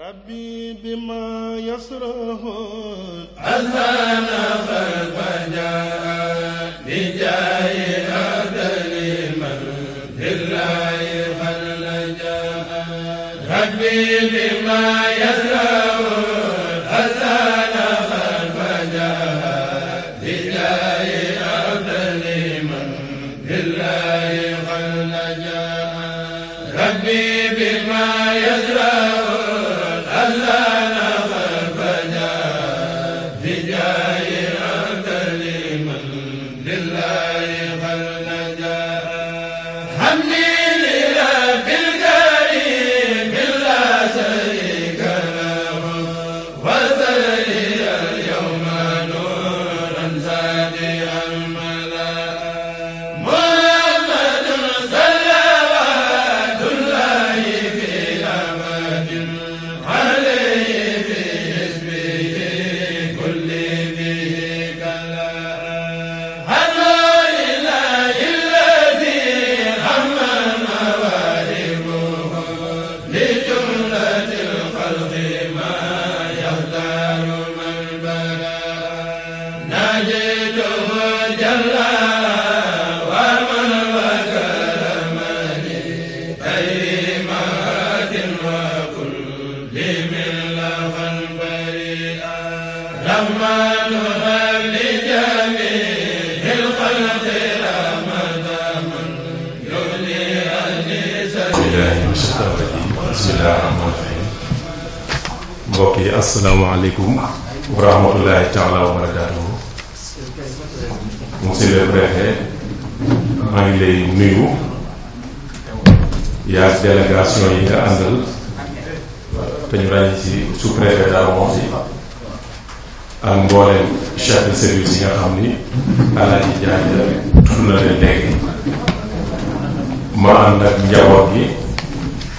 ربي بما يسره أذهب الفجر asalaamaaleykum wa rahmatullahi taala wa barakaatuhu monsieur le préfet maa ngi lay nuyu yaa délégation yi nga àndal te ñu ràññi ci sous préfet Darou Mouhty ak mbooleem chef de yi nga xam ni alaaji jaajëf tudd na leen léegi ma ànd ak njaboot gi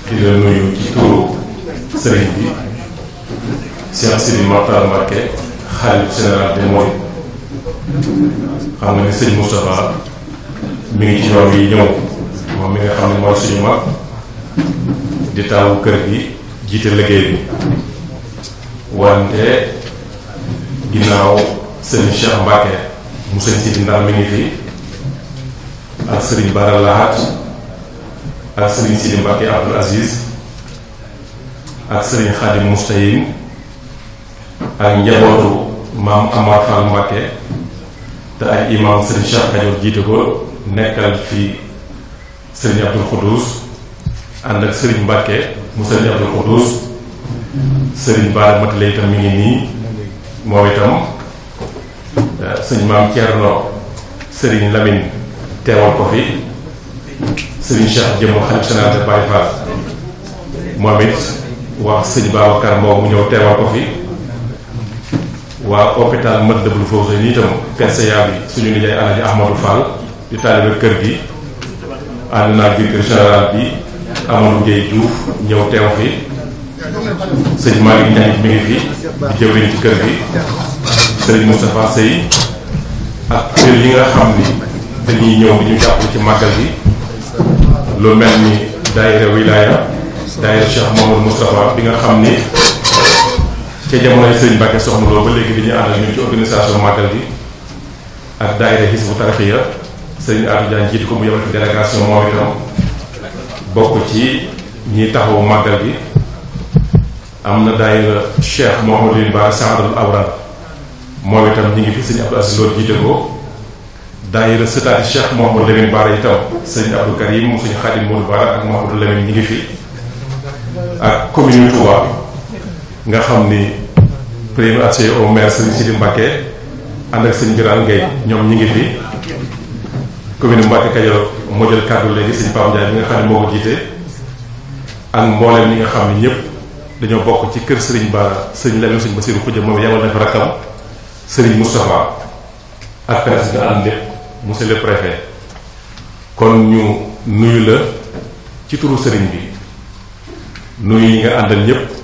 di nuyu ci turu sëriñ bi Cheikh Sidi Mokhtar Mbacké xaalif général des Mourides xam nga ne sëñ Moustapha mi ngi ci yoon yi moom mi nga xam ne mooy suñu mag di taawu kër gi jiite liggéey bi wante ginnaaw sëñ Cheikh Mbacké mu sëñ Sidi mi ngi fi ak sëriñ Bara Lahat ak sëriñ Sidi Mbacké Abdoul ak sëriñ Khadim Moustahine ak njabootu maam Amar Fall Mbakke te ak imam sëriñ Cheikh Kajoor jiite ko nekkal fi sëriñ Abdul Xuddus ànd ak sëriñ Mbakke mu sëriñ Abdul Xuddus sëriñ Baara Matile itam mi ngi nii moo itam euh, sëñ maam Thierno sëriñ Lamine teewal ko fi sëriñ Cheikh jëmm xalif général de Baye moom it wax sëñ Babacar Mbow mu ñëw teewal ko fi waa hôpital Matlaboul Fawzayni itam PCA bi suñu nijaay Alaaji Ahmadou Fall di taalibe kër gi ànd naa directeur général bi Amadou Gueye Diouf ñëw teew fi sëñ Malick Ndiaye fi di jëwriñ ci kër gi sëriñ Moustapha Seye ak kër yi nga xam ni dañuy ñëw di ñu jàpp ci màggal gi lu mel ni daayira wilaya daayira Cheikh Mamadou Moustapha bi nga xam ni ca jamonoy sëñ Mbacke soxna loo ba léegi dañuy ànd ak ci organisation màggal gi ak daayira Hizbut Tarqiyyah sëñ Adou Diagne jiitu ko mu yebal fi délégation moom itam bokk ci ñi taxawu màggal gi am na daayira Cheikh Mouhamadou Ba Sadul Awraad moom itam ñu ngi fi sëñ Abdou Aziz Lo jiite ko daayira sëtaati Cheikh Mouhamadou Lamine Bara itam sëñ Abdou Karim mu sëñ Khadim Moudou Bara ak Mouhamadou Lamine ñu ngi fi ak commune Touba nga xam ni premier adjoint au maire si Sidi Mbacké ànd ak Serigne Birane Gueye ñoom ñi ngi fi commune Mbacké Kajoor moo jël kàddu léegi Serigne Pape Ndiaye bi nga xam ne moo dañoo bokk ci kër Serigne Bara Serigne Lamine ba Bassirou Khoudia moom yabal na fa rakkam Serigne Moustapha ak président am lépp monsieur le préfet kon ñu nuyu la ci turu Serigne bi nuyu yi nga àndal ñëpp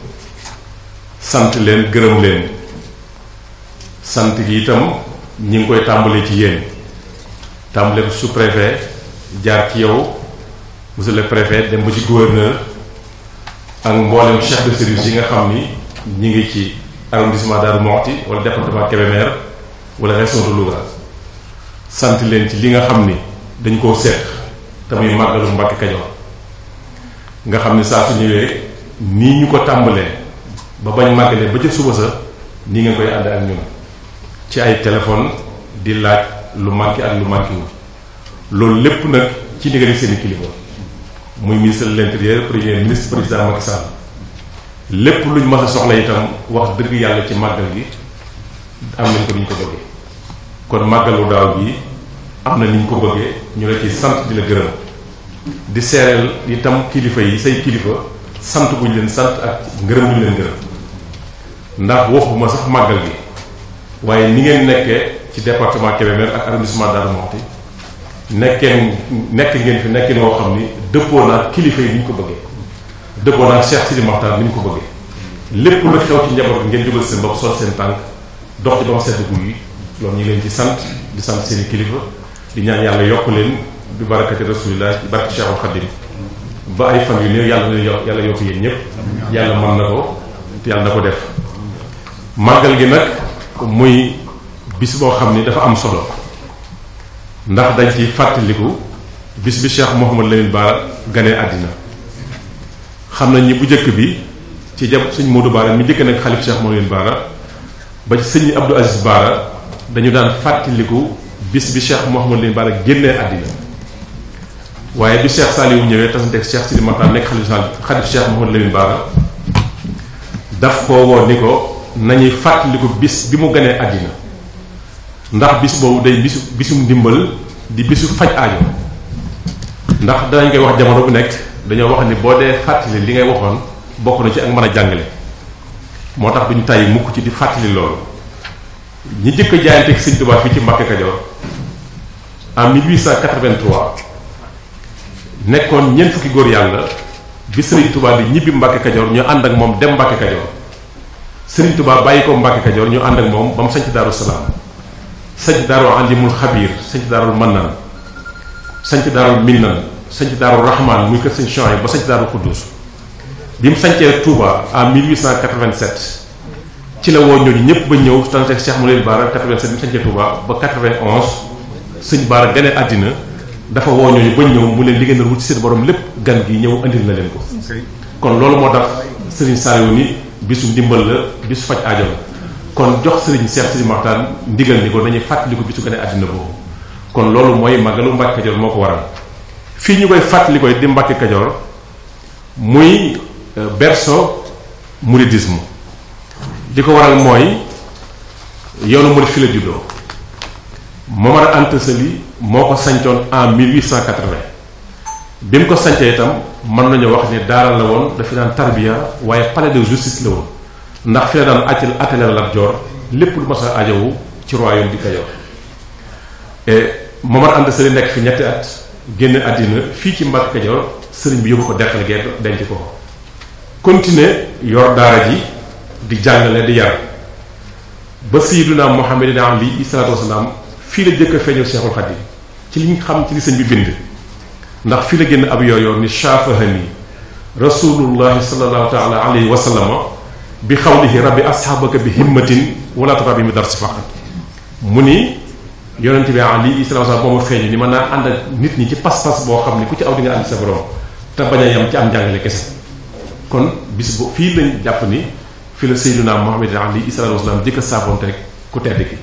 sant leen gërëm leen sant gi itam ñu ngi koy tàmbale ci yéen tàmbale ko sous jaar ci yow monsieur le dem ba ci gouverneur ak mboolem chef de service yi nga xam ni ñi ngi ci arrondissement Darou Mouhty wala département Kébémer wala région de Louga sant leen ci li nga xam ni dañ koo seq te muy màggalu Mbàkke Kajoor nga xam ni saa su ñëwee nii ñu ko tàmbalee ba bañ màggale ba ca suba sa ni nga koy ànd ak ñun ci ay téléphone di laaj lu manqué ak lu manqué wu loolu lépp nag ci ndigal seen i kilifa muy ministre de l'intérieur premier ministre président Macky Sall lépp luñ mas a soxla itam wax dëgg yàlla ci màggal gi am nañ ko ni ñu ko bëggee kon màggalu daaw gi am na ni ñu ko bëggee ñu la ci sant di la gërëm di seereel itam kilifa yi say kilifa sant bu ñu leen sant ak ngërëm bu ñu leen ngërëm ndax waxuma sax màggal gi waaye ni ngeen nekkee ci département Kébémer ak arrondissement Darou Mouhty nekkeen nekk ngeen fi nekkeen woo xam ni dëppoo naa kilifa yi ni ñu ko bëggee dëppoo naa Cheikh Sidi Makhtar ni ñu ko bëggee lépp lu xew ci njaboot ngeen jógal seen bopp sol seen tànk dox ci ba mu sedd guy yi loolu leen ci sant di sant seeni kilifa di ñaa yàlla yokk leen bi barakati rasulillah ci barke Cheikhul Khadim ba ay fan yu néew yàlla na yàlla yokk yéen ñëpp yàlla mën na ko yàlla na ko def màggal gi nag muy bis boo xam ni dafa am solo ndax dañ ci fàttaliku bis bi Cheikh Mouhamad Lamine Bara ganee àddina xam nañ ni bu njëkk bi ci jab sëñ Modou Bara mi njëkk nag xalif Cheikh Mouhamad Lamine Bara ba ci sëñ Abdou Aziz Bara dañu daan fàttaliku bis bi Cheikh Mouhamad Lamine Bara génnee àddina waaye bi Cheikh Saliou ñëwee tasanteeg Cheikh Sidi Makhtar nekk xalif sal xalif Cheikh Mouhamadou Lamine Bara daf koo woon ni ko nañuy fàttaliku bis bi mu gënee àddina ndax bis boobu day bisu bisum ndimbal di bisu faj aajo ndax danañ koy wax jamono bu nekk dañoo wax ni boo dee fàttali li ngay waxoon bokk na ci ak mën a jàngale moo tax duñu tàyyi mukk ci di fàttali loolu ñi jëkk jaayanteeg Sëñ Tuubaa fii ci Mbàkke Kajoor en 1883 nekkoon ñeent fukki góor yàlla bi Serigne Touba di ñibbi Mbacke Kajoor ñu ànd ak moom dem Mbacke Kajoor Serigne Touba bàyyi ko Mbacke Kajoor ñu ànd ak moom ba mu sanc Daaru Salaam sanc Daaru Alimul Xabiir sanc Daarul Mannaan sanc Daarul Minnan sanc Daarul Rahman muy kër sëñ Chouaib ba sanc Daarul Xuddus bi mu sancee Touba en 1887 ci la woo ñooñu ñëpp ba ñëw tànn Cheikh Moulay Baara 87 bi mu sancee Touba ba 91 sëñ baar gane àddina dafa woo ñooñu bañ ñëw mu leen liggéey na wut ci seen borom lépp gan gi ñëw andil na leen ko kon loolu moo tax sëriñ Saliou ni bisu ndimbal la bisu faj aajo kon jox sëriñ Cheikh sëriñ Maxtaan ndigal ni ko dañuy fàttaliku bi bisu gane àddina boobu kon loolu mooy màggalu Mbàkke Kajoor moo ko waral fii ñu koy fàttali koy di Mbàkke Kajoor muy euh, berceau mouridisme li ko waral mooy yoonu murid fi la juddoo Momar Anta Sali moo ko sancoon en 1880 bi mu ko sancee itam mën nañu wax ni daara la woon dafa daan tarbiya waaye palais de justice la woon ndax fi la daan àccal atelier Joor lépp lu mas a ajowu ci royaume di Kajoor et Momar Anta Sali nekk fi ñetti at génn àddina fii ci Mbàkke Kajoor sëriñ bi yóbbu ko deqal gerte denc ko continuer yor daara ji di jàngale di yar ba Sayyiduna Muhammadin Ali salaatu wasalaam fii la jëkk a feeñu Seexul Xadiim ci liñ xam ci li sëñ bi bind ndax fi la génn ab yooyoo ni shaafahani rasulullahi sallallahu taala alayhi wa sallama bi rab rabbi asxaabaka bi himmatin wala tarabi mi dar si faqat mu ni yonente bi ali sallallahu alayhi moo ma feeñu ni mën naa ànd ak nit ñi ci pas-pas boo xam ni ku ci aw di nga ànd sa te bañ a yem ci am njàngale kese kon bis bu fii lañ jàpp ni fi la sayyiduna Muhammad ali sallallahu alayhi wa sallam jëkk saafoonte rek ku tedd ki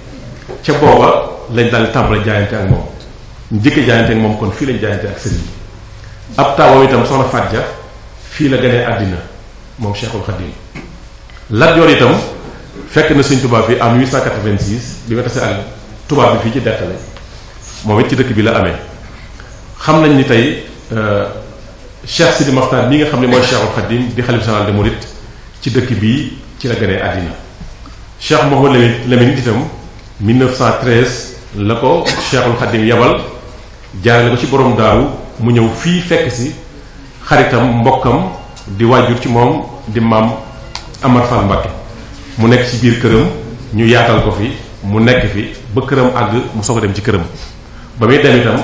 ca booba ñu jëkk jaayante moom kon fii lañ jaayante ak sëriñ bi ab taawam itam soxna ja fii la ganee àddina moom Cheikhul Khadim Lat Joor itam fekk na sëñ tubaab bi en 1886 bi nga tase ak tubaab bi fii ci dettale moom it ci dëkk bi la amee xam nañ ni tey euh, Cheikh Sidi Mokhtar bi nga xam ne mooy Cheikhul Khadim di xalif général des mourides ci dëkk bii ci la ganee àddina Cheikh Mouhamed Lamine itam 1913 la ko Cheikhul Khadim yabal jaarale ko ci borom daaru mu ñëw fii fekk si xaritam mbokkam di waajur ci moom di maam Amar Fall Mbacke mu nekk ci biir këram ñu yaatal ko fi mu nekk fi ba këram àgg mu soog a dem ci këram ba muy dem itam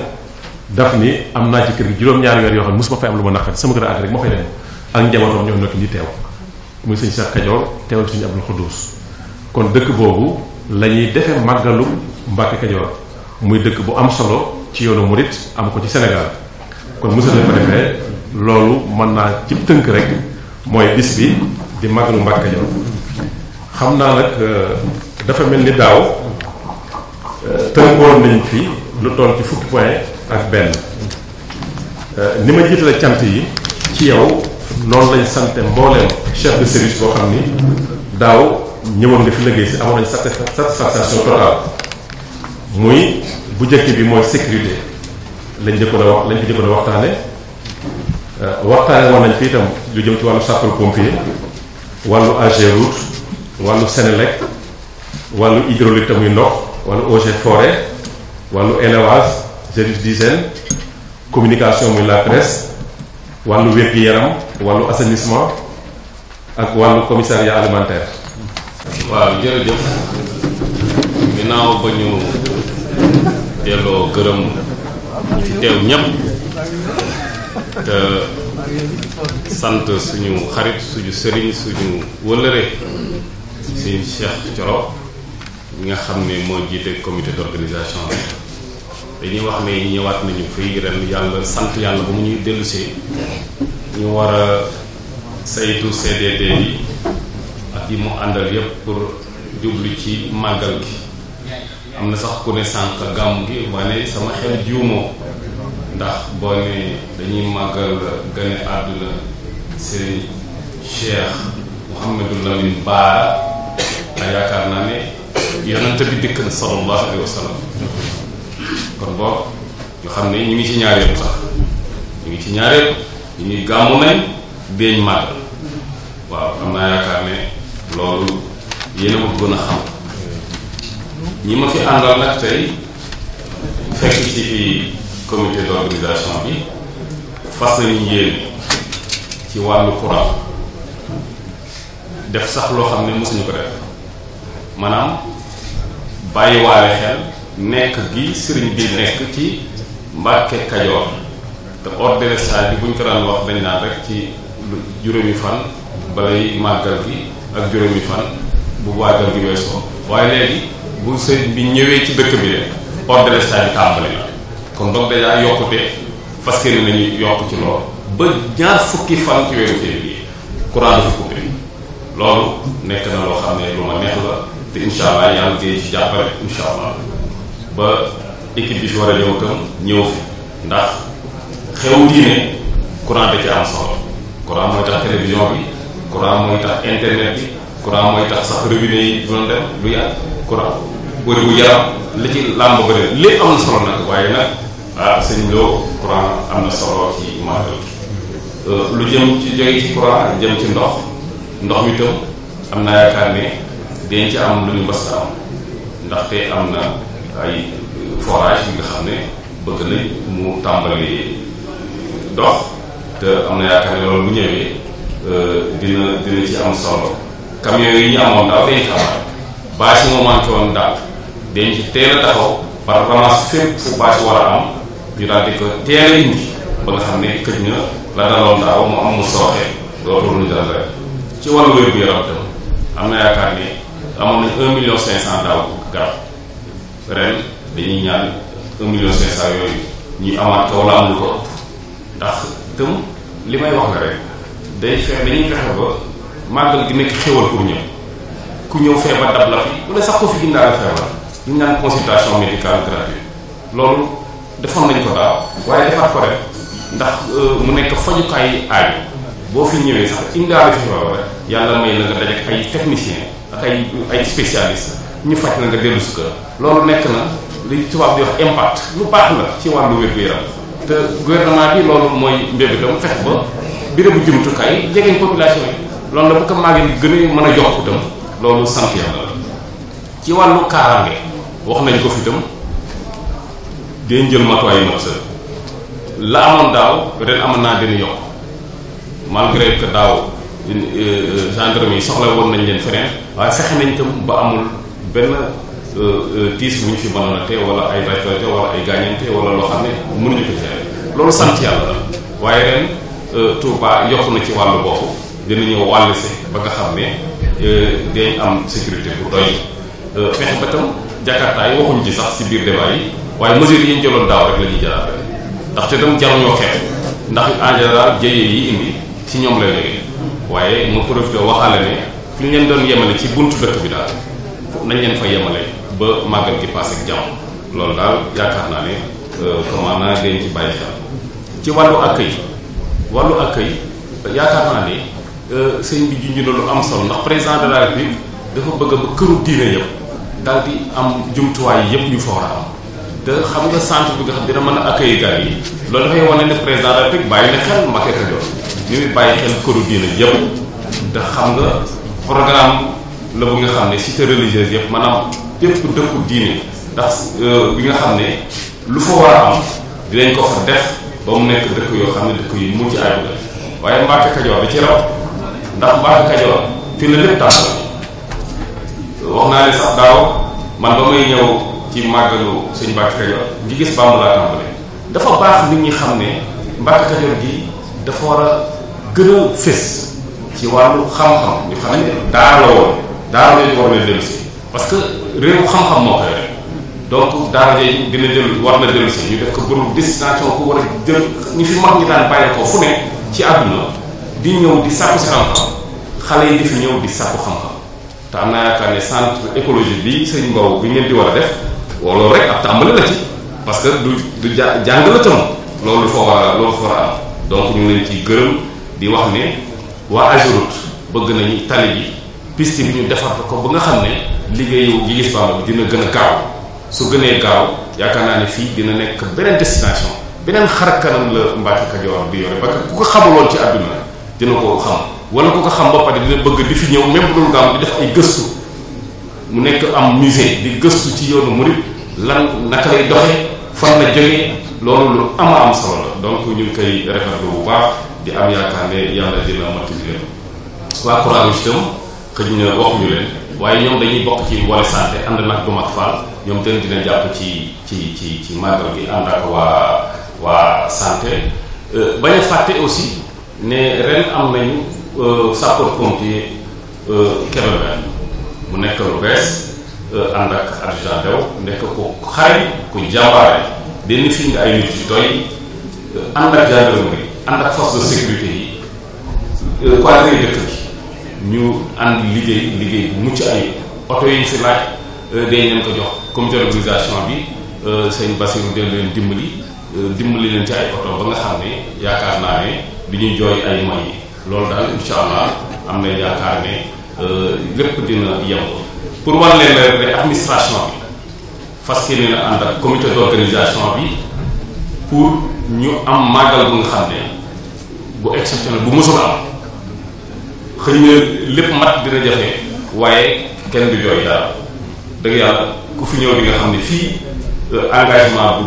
daf ni am naa ci kër gi juróom-ñaari weer yoo xam ne mosuma fay am lu ma naqari sama kër àgg rek moo fay dem ak njabootam ñoo fi di teew muy sëñ Cheikh Kajoor teewal sëñ Abdul Xuddus kon dëkk boobu lañuy ñuy defe màggalu Mbacke Kajoor muy dëkk bu am solo ci yoonu murit am ko ci senegal kon monsieur le préfet loolu mën naa ci tënk rek mooy bis bi di màggalu Mbacke Kadior xam naa nag euh, dafa mel ni daaw euh, tënkoon nañ fi lu toll ci fukki point ak benn euh, ni ma jiitale cant yi ci yow noonu lañ sant mbooleem chef de service boo xam ni daaw ñëwoon nga fi liggéey si amoon nañ satisfaction totale muy bu njëkk bi mooy sécurité lañ njëkkoon a wax lañ fi njëkkoon a waxtaane euh, waxtaane woon nañ fi itam lu jëm ci wàllu sapeur pompier wàllu AGEROUTE wàllu Sénélec wàllu hydraulique tamuy ndox wàllu eaux et wàllu élevage service d'hygiène communication muy la presse wàllu wér-gi-yaram wàllu assainissement ak wàllu commissariat alimentaire waaw jërëjëf ginnaaw ba ñu delloo gërëm ñi fi teew ñépp te sant suñu xarit suñu sëriñ suñu wëllëre suñu Cheikh Thioro ñi nga xam ne moo jiite commité d'organisation dañuy wax ne ñëwaat nañu fi ren yàlla sant yàlla ba mu ñuy dellusee ñu war saytu CDD yi ak yi mu àndal yépp pour jublu ci màggal gi am na sax ku ne sànq gàmm gi wane sama xel juumoo ndax boo ne dañuy màggal gane àdduna sëriñ Cheikh Mouhamadou Lamine Baara a yaakaar naa ne yonent bi dikk na sallallahu alayhi wa kon boo ñu xam ne ñu ngi ci ñaareelu sax ñu ngi ci ñaareelu ñu ngi gàmmu nañ deeñ màggal waaw am naa yaakaar ne loolu yéen a gën a xam ñi ma fi àndal nag tey fekk ci bi comité d'organisation bi fas nañu yéen ci wàllu courant def sax loo xam ne mosuñu ko def maanaam bàyyiwaale xel nekk gi sëriñ bi nekk ci Mbàkke Kajoor te ordre saa bi buñ ko daan wax dañ naan rek ci juróomi fan balay màggal gi ak juróomi fan bu waagal gi weesoo waaye léegi bu sëriñ bi ñëwee ci dëkk bi de ordre de tàmbali la kon donc dèjà yokkute fas yéene nañu yokk ci lool ba ñaar fukki fan ci weeru février courant dafa coupé loolu nekk na loo xam ne lu ma neex la te incha allah yàlla dee ci jàppale incha allah ba équipe bi fi war a ñëw tam ñëw fi ndax xew diine courant da ci am solo courant mooy tax télévision bi courant mooy tax internet bi courant mooy tax sax robinet yi du doon dem du yàgg courant wër gu yaram li ci làmb bëri ah, am na solo ci maatal euh, lu jëm ci jóge ci courant jëm ci ndox ndox mi tam am naa yaakaar ne dañ am lu ñu mbas am ndaxte am na ay forage yi nga xam ne bëgg nañ mu tàmbali dox te am na yaakaar ne loolu ñëwee euh, dina dina ci am solo camion yi ñu amoon daaw dañu xabaar bâche yi ma manqué woon daal dañ ci teel a taxaw par fépp fu bâche ci wàllu wér-gu-yaram tam am na yaakaar ne amoon nañ un million cinq cent daaw garab ren dañuy ñaan un million cinq cent yooyu ñu amaat kaw la amul ko ndax tam li may wax la rek day fexe dañuy fexe ba màggal gi nekk xéwal pour ñëw ku ñëw feebar dab la fi wala sax ko fi ginnaaw la feebar ñu euh, mu nekk fajukaay aaju boo fi ñëwee sax indaale fi feebar rek yàlla may la nga daje ay technicien ak ay ay spécialiste ñu faj la nga dellu si kër loolu nekk na li tubaab di wax impact lu baax la ci wàllu wér-gu-yaram te gouvernement bi loolu mooy mbébétam fex ba bérébu jumtukaay jegeñ population yi loolu la bu ko màggee gën a mën a yokk itam loolu sant yàlla ci wàllu kaaraange nañ ko fi itam dinañ la amoon naa dina yokk malgré euh, woon nañ leen feneen waaye fexe nañ itam amul benn euh, euh, tiis bu ñu fi mënoon a tee wala ay raccourci wala ay gaañante ren Touba yokk na ci wàllu boobu. dinañu wàll si ba nga xam ne euh, day am sécurité bu doy euh, fexe ba tam waxuñ ci sax si biir débat yi waaye mesures yi ñu jëloon daaw rek la ñuy jëlaat rek ndaxte tam jaruñoo xeex ndax en général jëye yi indi si ñoom lay jógee waaye ma profité waxaale ne fi leen doon yemale ci buntu dëkk bi daal nañ leen fa yemale ba màggal gi passé jàmm loolu daal yaakaar naa ne euh, comment naa ci bàyyi xel ci wàllu accueil wàllu accueil yaakaar Euh, sëñ bi junj lu am solo ndax président de la République bëgg ba këru diine daal di am jumtuwaay yëpp yu fa war a am te xam nga centre bi nga xam dina mën a accueillir gars yi loolu dafay wane ne président de la République bàyyi na xel Mbacké Kadior yëpp xam nga programme la bu nga xam ne yëpp maanaam dëkku diine ndax euh, bi nga xam ne lu fa war a am dinañ ko fa def ba mu nekk dëkk yoo xam ne dëkk yi mucc ayib la waaye Mbacké Kadior da ci raw ndax mbaa kajoor fii la lépp tàmbali wax naa ne sax daaw man ba may ñëw ci màggalu sëñ Mbàkke Kajoor gi gis bàmb laa tàmbalee dafa baax nit ñi xam ne Mbàkke gi dafa war a gën a fés ci wàllu xam-xam ñu xam ne daara la woon daara war na dellu si parce que réewu xam-xam moo koy rek donc daara jooju dina jël war na dellu si ñu def ko bërëb destination ku war a jël ñu fi mag ñi daan bàyyi ko fu ne ci àdduna di ñëw di sàkku si xam-xam xale yi di fi ñëw di sàkku xam-xam te am naa yaakaar ne centre écologie bi sëñ Mbow bi ngeen di war a def loolu rek ab tàmbali la ci parce que du du ja jàng la tam loolu fa war a loolu fa war a am donc ñu ngi leen ciy gërëm di wax ne waa Ageroute bëgg nañu tali bi piste bi ñu defar ko ba nga xam ne liggéeyu Gilis Bamba bi dina gën a gaaw su gënee gaaw yaakaar naa ne fii dina nekk beneen destination beneen xar kanam la Mbacke Kajoor di yore ba ku dina ko xam wala ku ko xam ba pare bëgg di fi ñëw même bu dul gaaw di def ay gëstu mu nekk am musée di gëstu ci yoonu murid lan naka lay doxe fan la jógee loolu lu am am solo la donc ñu ngi koy rafetlu bu baax di am yaakaar ne yàlla dina matal leen waa Croix-Rouge itam xëj na waxuñu leen waaye ñoom dañuy bokk ci wala santé ànd nag bu mag ñoom tamit dina jàpp ci ci ci ci màggal gi ànd ak waa waa santé euh, bañ fàtte aussi ne ren am nañu euh, sapeur pompier euh, Kébémer mu nekk lu bees euh, ànd ak adjudant Dew nekk ku xare ku jàmbaare benn fi nga ay nit yu doy ànd ak gendarmerie ànd ak force de sécurité yi quadrille dëkk bi ñu ànd liggéey liggéey bu mucc ay oto yi ñu fi laaj dañ leen ko jox comité d'organisation bi sëñ Bassirou de leen dimbali dimbali leen ci ay oto ba nga xam ne yaakaar naa ne bi ñuy jooy ay moy yi loolu daal incha allah am na yaakaar ne euh, lépp dina yem pour wan leen rek ne administration bi fas yéene na ànd ak comité bi pour ñu am màggal bu nga xam ne bu exceptionnel bu mosul am xëy na lépp mat dina jafe waaye kenn du jooy dara dëgg yàlla ku fi ñëw di xam ne fii euh, engagement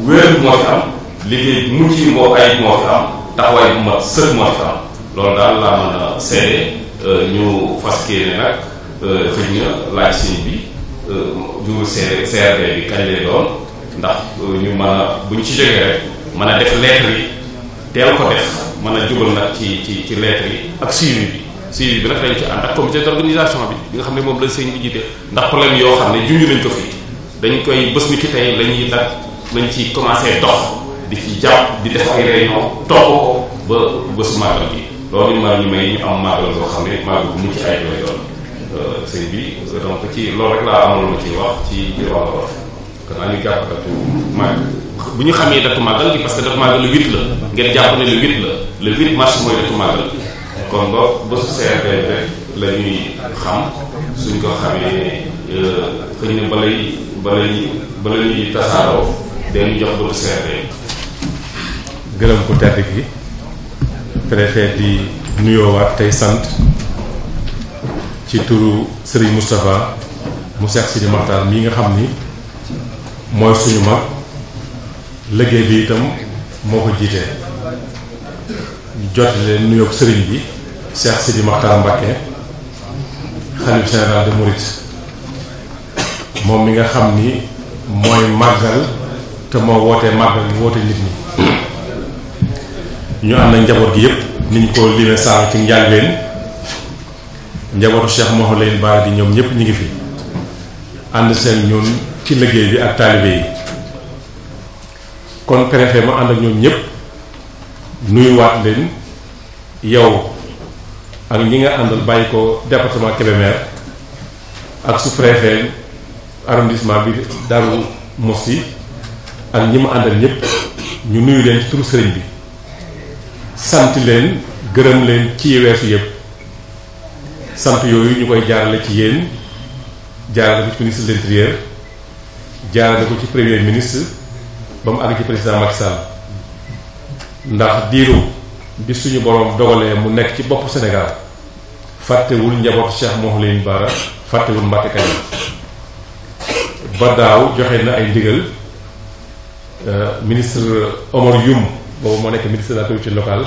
bu wér moo fi am liggéey bu mucc moo fi am taxawaay bu mat sëkk moo ci am loolu daal laa mën a seede euh, ñu fas yéene nag euh, xëy na laaj sëñ bi juru euh, seere CRD bi kañ lay doon ndax ñu mën a buñ ci jógee rek mën a def lettre yi teel ko def mën a jubal nag ci ci ci lettre yi ak suivi bi suivi bi nag dañ ci ànd ak comité bi bi nga xam ne moom la seen bi jiite ndax problème yoo xam ne junj lañ ko fii dañ koy bés ni ki tey lañuy dat lañ ci commencé dox di ci jàpp di def ay réunion topp ko ba bésu màggal bi loolu ma ñu may ñu am màggal boo xam ne màggal bu mucc ay lay doon euh, sëñ bi donc ci loolu rek laa amaloon ma ci wax ci biir wàllu wax jàpp que datu ne le huit la le huit mars mooy datu màggal kon ba bésu CRD rek la xam suñ ko xamee euh, xëy na balay balay balay ñuy tasaaroo jox bëtu CRD gërëm ku tedd gi préfet di nuyoowaat tey sant ci turu Serigne Moustapha mu Cheikh Sidi Makhtar mii nga xam ni mooy suñu mag liggéey bi itam moo ko jiitee jot leen nuyoog Serigne bi Cheikh Sidi Makhtar Mbacké xalif général de Mouride moom mi nga xam ni mooy màggal te moo wootee màggal woote nit ñi ñu am nañ njaboot gi yëpp niñ ko limee sànq ci njàlbeen njabootu Cheikh Mawalé baax di ñoom ñëpp ñu ngi fi ànd seen ñoom ci liggéey bi ak taalibe yi kon préfet ma ànd ak ñoom ñëpp nuyuwaat leen yow ak ñi nga àndal bàyyi ko département Kébémer ak sous-préfet arrondissement bi Darou Mouhty ak ñi ma àndal ñëpp ñu nuyu leen ci turu sëriñ bi. sant leen gërëm leen ci weesu yëpp sant yooyu ñu koy jaarale ci yéen jaarale ko ci ministre de l'intérieur jaarale ko ci premier ministre ba mu àgg ci président Macky ndax diiru bi suñu borom dogalee mu nekk ci bopp senegal fàttewul njabootu Cheikh Mouhalim Bara fàttewul Mbacké Kajoor ba daaw joxe na ay ndigal euh, ministre Omar Youm boobu moo nekk ministre de la culture locale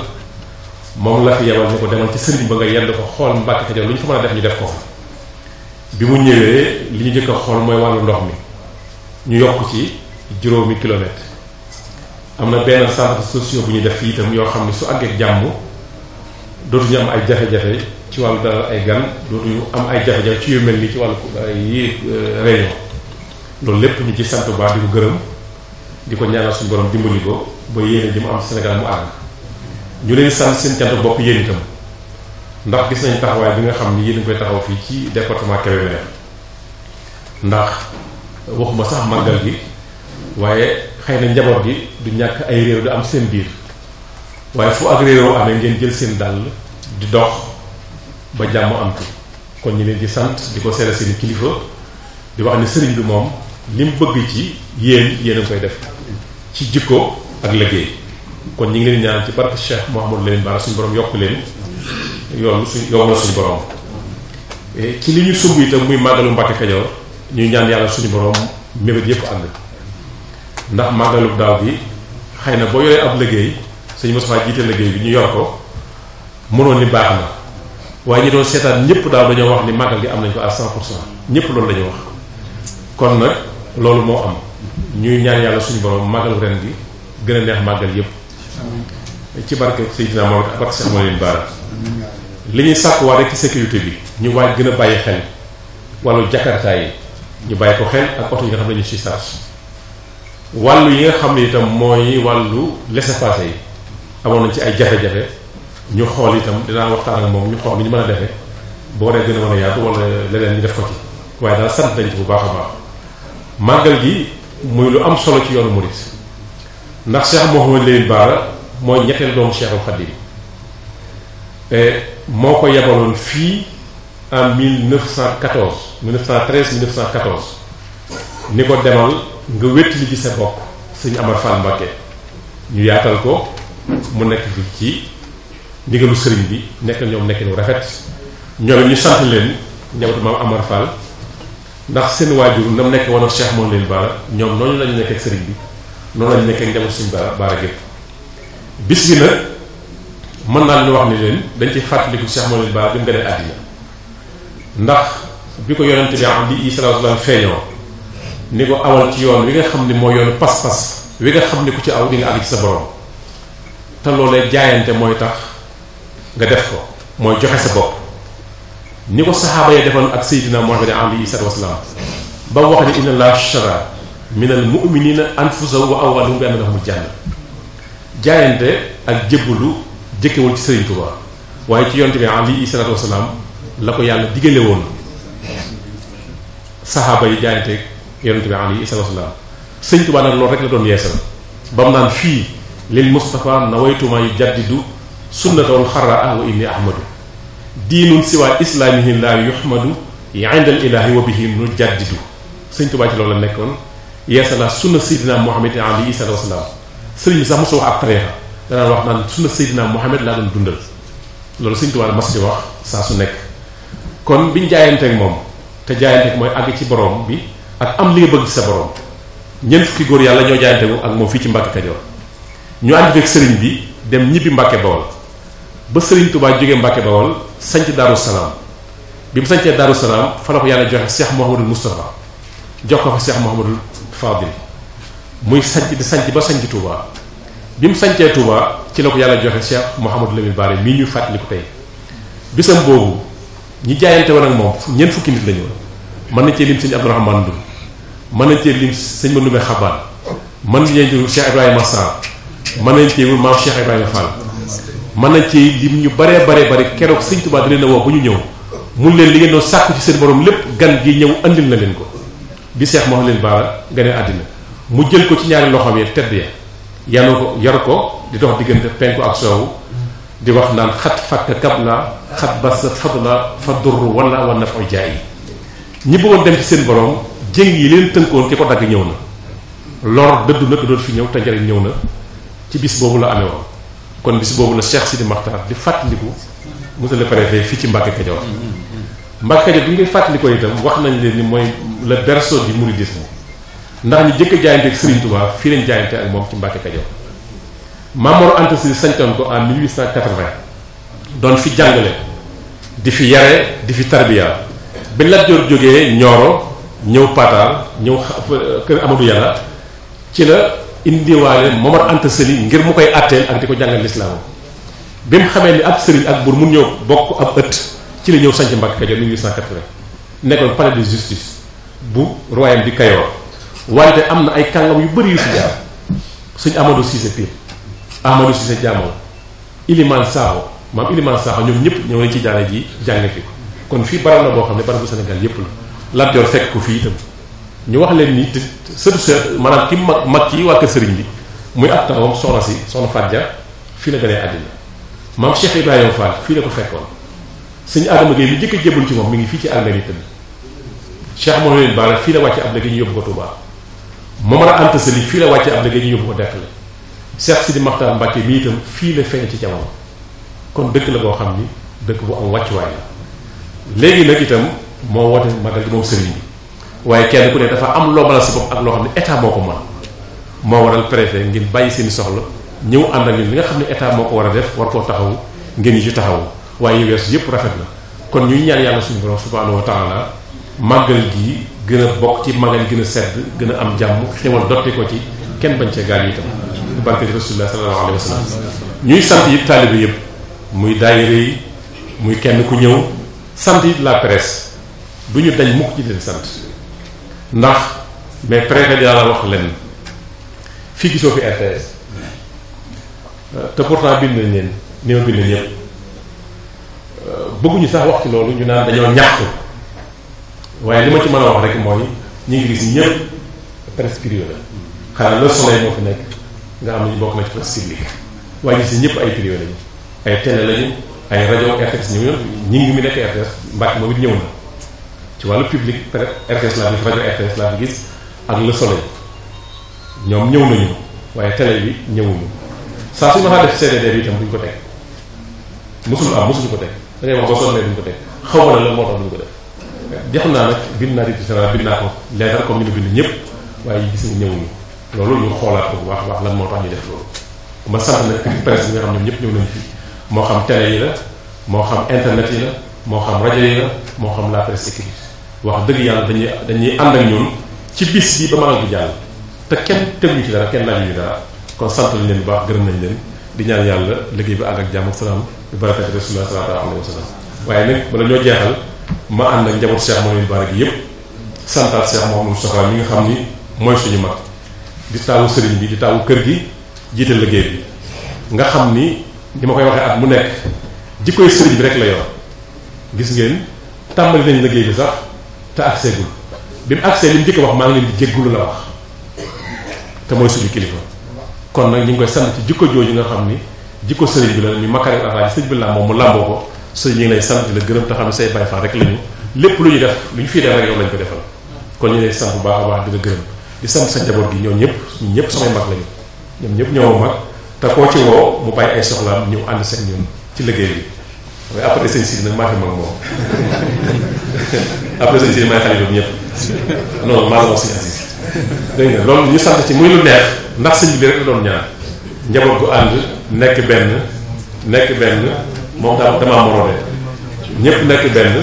moom la fi yebal ni ko demal ci sëriñ ba nga yenn ko xool Mbàkke Kajoor lu ñu fa mën a def ñu def ko bi mu ñëwee li ñu njëkk xool mooy wàllu ndox mi ñu yokk ci juróomi kilomètre am na benn centre sociaux bu ñuy def fii itam yoo xam ne su àggee jàmm dootuñu am ay jafe-jafe ci wàllu dalal ay gan dootuñu am ay jafe-jafe ci yu mel ci wàllu ay euh, réunion loolu lépp ñu ci sant baax di gërëm di ko ñaanal suñu borom dimbali ko ba yéene di mu am Sénégal mu àgg ñu leen sant seen cant bopp yéen itam ndax gis nañ taxawaay bi nga xam ni yéen koy taxaw fii ci département Kébémer ndax waxuma sax màggal gi waaye xëy na njaboot bi du ñàkk ay réew du am seen biir waaye fu ak réew amee ngeen jël seen dàll di dox ba jàmm am ci kon ñu leen di sant di ko seere seen kilifa di wax ne sëriñ bi moom li mu bëgg ci yéen yéen a koy def ci jikko ak liggéey kon ñu ngi ñaan ci barke Cheikh Mouhamadou Lamine Bara suñu borom yokk leen yoon suñ suñu borom e ci li ñu sumb itam muy màggalu Mbàkke Kajoor ñuy ñaan yàlla suñu borom mébét yëpp ànd ndax màggalu daaw bi xëy na boo yoree ab liggéey sëñ Moussa jiite liggéey bi ñu yor ko mënoon ni baax na waaye ñi doon seetaan ñëpp daaw dañoo wax ni màggal gi am nañ ko à 100 pour cent ñëpp loolu la ñu wax kon nag loolu moo am. ñuy ñaan yàlla suñu borom màggal ren bi gën a neex màggal yépp ci barke Seydina Mohamed ak barke si amoo leen li ñuy sàkkuwaat sécurité bi ñu waaj gën a bàyyi xel wàllu jakartaa yi ñu bàyyi ko xel ak oto yi si charge wàllu yi xam ne itam mooy wàllu laissez yi amoon nañ ci ay jafe-jafe ñu xool itam dinaa waxtaan ak moom ñu xool ni ñu mën a defee boo dee gën a mën a yaatu wala leneen def ko ci waaye daal sant nañ bu baax a baax màggal gi muy lu am solo ci yoonu murit ndax Cheikh Mouhamadou Lamine Bara mooy ñetteel doomu Cheikhul Khadim moo ko yabaloon fii en 1914 1913 1914 ni ko demal nga wétali ci sa bokk sëñ Amar Fall Mbacké ñu yaatal ko mu nekk fi ci ndigalu sëriñ bi nekk ñoom nekkin wu rafet ñoom ñu sant leen njabootu maam Amar Fall ndax seen waajur nam nekk woon ak Cheikh moom leen baara ñoom noonu lañu nekk ak sëriñ bi noonu lañu nekk ak njaboot suñu baara baara gépp bis bi nag mën naa leen wax ni leen dañ ci fàttaliku Cheikh moom leen baara bi mu gën àddina ndax bi ko yonent bi am di isa salaam feeñoo ni ko awal ci yoon wi nga xam ne moo yoonu pas-pas wi nga xam ne ku ci aw di nga àgg ci sa borom te loolee jaayante mooy tax nga def ko mooy joxe sa bopp ni ko saxaaba ya defoon ak sayyidina Muhammad alayhi salaatu wasalaam ba mu wax ni inna laa shara min al mu'minina anfusahum wa amwaalahum bi anna lahumul janna jaayante ak jébbalu jëkkewul ci Sëriñ Tuubaa waaye ci yonte bi alayhi salaatu wasalaam yàlla digale woon saxaaba yi jaayante yonte bi alayhi salaatu Sëriñ Tuubaa nag loolu rek la doon yeesal ba mu naan fii lil Mustafa nawaytuma yu jaddidu sunnatahu xarraa wa inni ahmadu diinun siwaa islaamihi laa yuhmadu indal ilaahi wa bihi nu jaddidu sëñ Tuubaa ci loolu la nekkoon yeesala sunna sayyidina Muhammad alayhi salaatu wa salaam sëriñ bi sax mosul wax ab tariixa danaa wax naan sunna sayyidina Muhammad laa doon dundal loolu sëñ Tuubaa mas di wax saa su nekk kon biñ jaayanteeg moom te jaayanteeg mooy àgg ci borom bi ak am li nga bëgg sa borom ñeent fukki góor yàlla ñoo jaayanteegu ak moom fii ci Mbàkke Kajoor ñu ànd ak sëriñ bi dem ñibbi Mbàkke Bawol ba sëriñ Tuubaa jógee Mbàkke Bawol sanc daaru salaam bi mu sancee daaru salaam fa la ko yàlla joxe Cheikh Mouhamadul Moustapha jox ko fa Cheikh Mouhamadul Fadil muy sanc di sanc ba sanc Touba bi mu sancee Touba ci la ko yàlla joxe Cheikh Mouhamadul Lamine Bara mii ñuy fàttali ko tey bisam boobu ñi jaayante woon ak moom ñeent fukki nit lañu woon mën nañ cee lim sëñ Abdourahmane Ndour mën nañ cee lim sëñ Manoumé Xabaan mën nañ cee lim Cheikh Ibrahima Sarr mën nañ cee lim maam Cheikh Ibrahima Fall mën nañ ci lim ñu baree baree bari keroog sëñ Tuubaa da leen woo ba ñu ñëw mun leen li ngeen doon sàkku ci seen borom lépp gan gi ñëw andil na leen ko bi seex moo xam leen baara gane àddina mu jël ko ci ñaari loxoom yi tedd ya yanu ko yar ko di dox diggante penku ak soowu di wax naan xat fàkk kab la xat bas fad la fa durr wala wan na fay jaay yi ñi bëggoon dem ci seen borom jéng yi leen tënkoon ki ko dagg ñëw na lor dëddu na doon fi ñëw te njariñ ñëw na ci bis boobu la amee kon bis boobu la Cheikh Sidi Makhtar di fàttaliku monsieur le préfet fii ci Mbacke Kadior Mbacke Kadior bi ngay fàttalikoo itam wax nañ leen ni mooy le berceau du mouridisme ndax ñu jëkk jaayante ak Serigne Touba fii lañ jaayante ak moom ci Mbacke Kadior Mamor Anta Sy santoon ko en 1880 doon fi jàngale di fi yare di fi tarbiya bi Lat Joor jógee Nioro ñëw Pataar ñëw kër Amadou Yàlla ci la indiwaale Momar Anta Sali ngir mu koy àtteel ak di ko jàngal lislaam bi mu xamee ni ab sëriñ ak buur mun ñëw bokk ab ëtt ci la ñëw sanc Mbàkke Kajoor 1880 nekkoon palais de justice bu royaume bi Kayoor wante am na ay kàngam yu bari yu si jaar suñ Amadou Cissé Pire Amadou Cissé Diamo Iliman Saaxo maam Iliman Saaxo ñoom ñëpp ñëw nañ ci jaare ji jàng fi kon fii barab na boo xam ne barab bu Sénégal yépp la Lat Joor fekk ko fii itam ñu wax leen ni te sër sër maanaam ki mag mag ci waa sëriñ bi muy ab taawam soxna si soxna Fatou Dia fii la gënee àddina maam Cheikh Ibrahima Fall fii la ko fekkoon sëñ Adama Gueye mi njëkk a ci moom mi ngi fii ci àlmeri tëdd Cheikh Mouhamed leen Baara fii la wàcce ab liggéey ñu yóbbu ko Touba Momar Anta Sali fii la wàcce ab liggéey ñu yóbbu ko Dekkale Cheikh di Makhtar Mbacke mi itam fii la feeñ ci jamono kon dëkk la koo xam ni dëkk bu am wàcc la léegi nag itam moo woote magal gi moom sëriñ waaye kenn ku ne dafa am loo mën a sa bopp ak loo xam ne état moo ko mën moo waral préfet ngir bàyyi seen soxla ñëw ànd ak ñun li nga xam ne état moo ko war a def war koo taxawu ngeen ñu ci taxawu waaye weesu yëpp rafet na kon ñuy ñaan yàlla suñu borom subhanahu wa taala màggal gii gën a bokk ci magal gën a sedd gën a am jàmm xéwal dotti ko ci kenn bañ cee gaal yi itam barke ci rasulullah sallallahu alayhi wa sallam ñuy sant yi taalibe yëpp muy daayira yi muy kenn ku ñëw sant la presse du ñu dañ mukk ci ndax mais préfet dina la wax leen fii gisoo fi RTS te pourtant bind nañ leen ni ma bind ñëpp bëgguñu sax wax ci loolu ñu naan dañoo ñaxtu waaye li ma ci mën a wax rek mooy ñu ngi gis ñëpp presse privée la xanaa le soleil moo fi nekk nga xam ne ñu bokk na ci presse publique waaye gis ñëpp ay privé lañu ay télé lañu ay rajo RTS ñëw na ñi ngi mi nekk RTS Mbacke moom it ñëw na ci wàllu public RTS laa gis rajo gis ak Le Soleil ñoom ñëw nañu waaye télé bi ñëwuñu saa su ma xaa def CDD bi itam buñ ko teg mosul am mosuñu ko teg da ngay wax ba sonnee duñ ko teg xaw ma ne la moo tax naa nag bind naa di naa ko leetar comme ni ñu ñëpp waaye gis nga ñëwuñu loolu ñu xoolaat ko bu moo tax ñu def loolu ma sant nag public presse bi nga xam ne ñëpp ñëw nañu fii moo xam télé yi la moo xam internet yi la moo xam rajo yi la moo xam la presse écrite wax dëgg yàlla dañuy dañuy ànd ak ci bis bi ba maanaam ko te kenn teguñu ci dara kenn laaj ñu leen bu baax gërëm nañ leen di ñaan yàlla liggéey bi àgg ak jàmm ak salaam bi barakati rasulullah sallallahu alayhi wa sallam waaye nag bala ñoo jeexal ma ànd ak njaboot moo Mouhamadou Bara gi yëpp santaat Cheikh Mouhamadou Moustapha mi nga xam ni mooy suñu mag di taawu sëriñ bi di taawu kër gi jiite liggéey bi nga xam ni ni ma koy waxee ak mu nekk jikkoy sëriñ bi rek la yor gis ngeen tàmbali nañ liggéey bi sax te agseegul bi mu agsee li mu njëkk wax maa ngi leen di jéggulu la wax te mooy suñu kilifa kon nag ñu ngi koy sant ci jikko jooju nga xam ni jikko sëriñ bi la ñu makari ak sëriñ bi la moom mu làmboo ko sëriñ ñu lay sant di la gërëm te xam ne say bay fa rek lañu lépp lu ñu def lu ñu fii def rek yow lañ ko defal kon ñu lay sant bu baax a baax di la gërëm di sant sa njaboot gi ñoom ñëpp ñun ñëpp samay mag lañu ñoom ñëpp ñoo mag te koo ci woo mu bàyyi ay soxlaam ñu ànd seen ñun ci liggéey bi mais après sëñ Sidi maa fi mag moom maa la wax sëñ Aziz dégg nga loolu ñu sant ci muy lu neex ndax sëñ bi rek la doon ñaan njaboot gu ànd nekk benn nekk benn moom daal moroode ñëpp nekk benn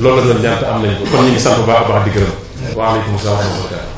loolu la doon ñaan am nañ ko kon ñu sant baax a baax di gërëm. waaleykum salaam wa rahmatulah.